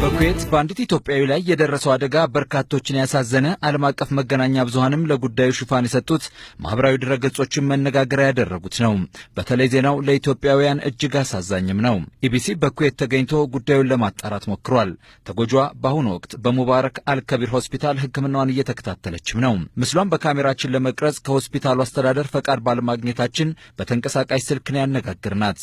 በኩዌት በአንዲት ኢትዮጵያዊ ላይ የደረሰው አደጋ በርካቶችን ያሳዘነ፣ ዓለም አቀፍ መገናኛ ብዙሀንም ለጉዳዩ ሽፋን የሰጡት ማኅበራዊ ድረገጾችን መነጋገሪያ ያደረጉት ነው። በተለይ ዜናው ለኢትዮጵያውያን እጅግ አሳዛኝም ነው። ኢቢሲ በኩዌት ተገኝቶ ጉዳዩን ለማጣራት ሞክሯል። ተጎጂዋ በአሁኑ ወቅት በሙባረክ አልከቢር ሆስፒታል ሕክምናዋን እየተከታተለችም ነው። ምስሏን በካሜራችን ለመቅረጽ ከሆስፒታሉ አስተዳደር ፈቃድ ባለማግኘታችን በተንቀሳቃሽ ስልክ ነው ያነጋግርናት።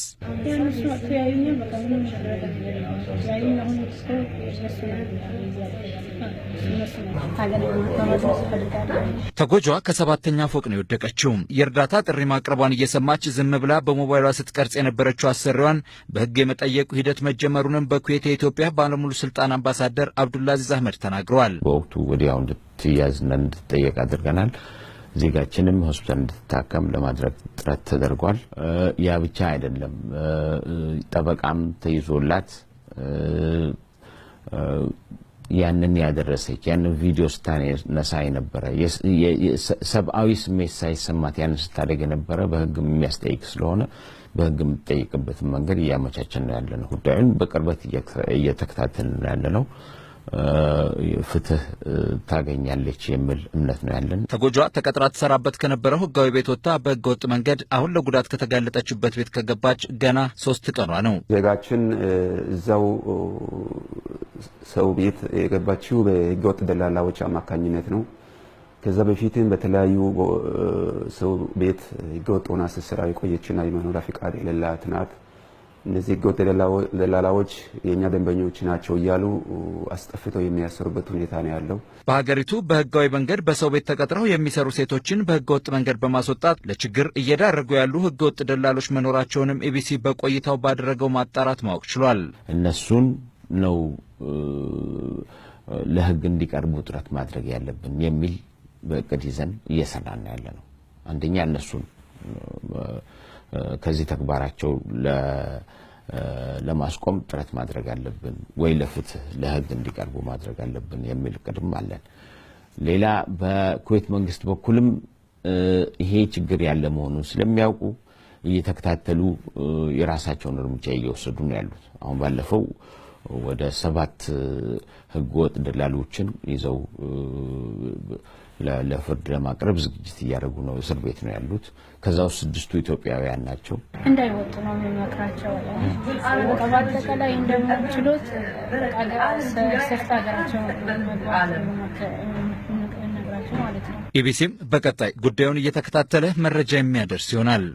ተጎጇ ከሰባተኛ ፎቅ ነው የወደቀችው። የእርዳታ ጥሪ ማቅረቧን እየሰማች ዝም ብላ በሞባይሏ ስትቀርጽ የነበረችው አሰሪዋን በሕግ የመጠየቁ ሂደት መጀመሩንም በኩዌት የኢትዮጵያ ባለሙሉ ስልጣን አምባሳደር አብዱላዚዝ አህመድ ተናግረዋል። በወቅቱ ወዲያው እንድትያዝና እንድትጠየቅ አድርገናል። ዜጋችንም ሆስፒታል እንድትታከም ለማድረግ ጥረት ተደርጓል። ያ ብቻ አይደለም፣ ጠበቃም ተይዞላት ያንን ያደረሰች ያንን ቪዲዮ ስታነሳ የነበረ ሰብአዊ ስሜት ሳይሰማት ያንን ስታደግ የነበረ በህግ የሚያስጠይቅ ስለሆነ በህግ የምትጠይቅበትን መንገድ እያመቻችን ነው ያለነው። ጉዳዩን በቅርበት እየተከታተልን ነው ነው። ፍትህ ታገኛለች የሚል እምነት ነው ያለን። ተጎጇ ተቀጥራ ትሰራበት ከነበረው ህጋዊ ቤት ወጥታ በህገ ወጥ መንገድ አሁን ለጉዳት ከተጋለጠችበት ቤት ከገባች ገና ሶስት ቀኗ ነው። ዜጋችን እዛው ሰው ቤት የገባችው በህገወጥ ደላላዎች አማካኝነት ነው። ከዛ በፊትም በተለያዩ ሰው ቤት ህገወጥ ሆና ስትሰራ የቆየችና የመኖሪያ ፍቃድ የሌላት ናት። እነዚህ ህገወጥ ደላላዎች የእኛ ደንበኞች ናቸው እያሉ አስጠፍተው የሚያሰሩበት ሁኔታ ነው ያለው። በሀገሪቱ በህጋዊ መንገድ በሰው ቤት ተቀጥረው የሚሰሩ ሴቶችን በህገወጥ መንገድ በማስወጣት ለችግር እየዳረጉ ያሉ ህገወጥ ደላሎች መኖራቸውንም ኢቢሲ በቆይታው ባደረገው ማጣራት ማወቅ ችሏል። እነሱን ነው ለህግ እንዲቀርቡ ጥረት ማድረግ ያለብን የሚል በእቅድ ይዘን እየሰራን ያለ ነው። አንደኛ እነሱን ከዚህ ተግባራቸው ለማስቆም ጥረት ማድረግ አለብን ወይ ለፍትህ ለህግ እንዲቀርቡ ማድረግ አለብን የሚል እቅድም አለን። ሌላ በኩዌት መንግስት በኩልም ይሄ ችግር ያለ መሆኑን ስለሚያውቁ እየተከታተሉ የራሳቸውን እርምጃ እየወሰዱ ነው ያሉት። አሁን ባለፈው ወደ ሰባት ህገወጥ ደላሎችን ይዘው ለፍርድ ለማቅረብ ዝግጅት እያደረጉ ነው። እስር ቤት ነው ያሉት። ከዛ ውስጥ ስድስቱ ኢትዮጵያውያን ናቸው። እንዳይወጡ ነው የሚመክራቸው። በአጠቃላይ እንደምችሎት ሰርተ ሀገራቸው ኢቢሲም በቀጣይ ጉዳዩን እየተከታተለ መረጃ የሚያደርስ ይሆናል።